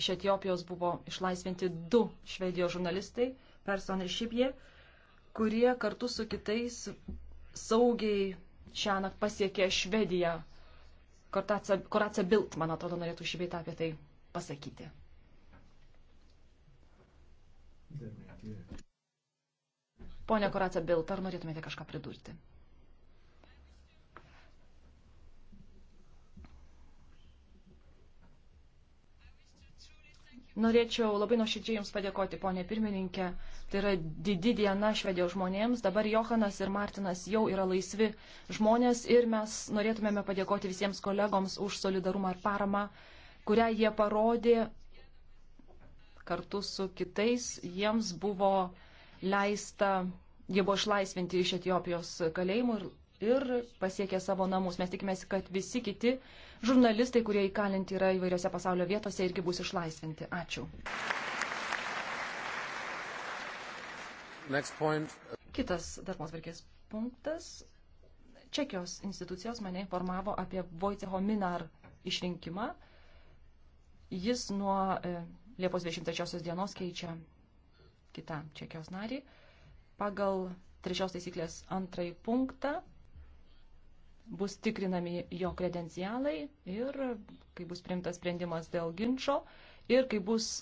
iš Etijopijos buvo išlaisvinti du švedijos žurnalistai, Person ir Šipje, kurie kartu su kitais saugiai šią naktį pasiekė Švediją. Koracija Bilt, man atrodo, norėtų šį beitą apie tai pasakyti. Pone Koracija Bilt, ar norėtumėte kažką pridurti? Norėčiau labai nuoširdžiai Jums padėkoti, ponė pirmininkė. Tai yra didi diena švedijos žmonėms. Dabar Johanas ir Martinas jau yra laisvi žmonės ir mes norėtumėme padėkoti visiems kolegoms už solidarumą ir paramą, kurią jie parodė kartu su kitais. Jiems buvo leista, jie buvo išlaisvinti iš Etijopijos kalėjimų ir ir pasiekė savo namus. Mes tikimės, kad visi kiti žurnalistai, kurie įkalinti yra įvairiose pasaulio vietose, irgi bus išlaisvinti. Ačiū. Kitas darbosvarkės punktas. Čekijos institucijos mane informavo apie Vojteho Minar išrinkimą. Jis nuo e, Liepos 23 dienos keičia kitą Čekijos narį. Pagal trečios taisyklės antrąjį punktą bus tikrinami jo kredencialai ir kai bus priimtas sprendimas dėl ginčio ir kai bus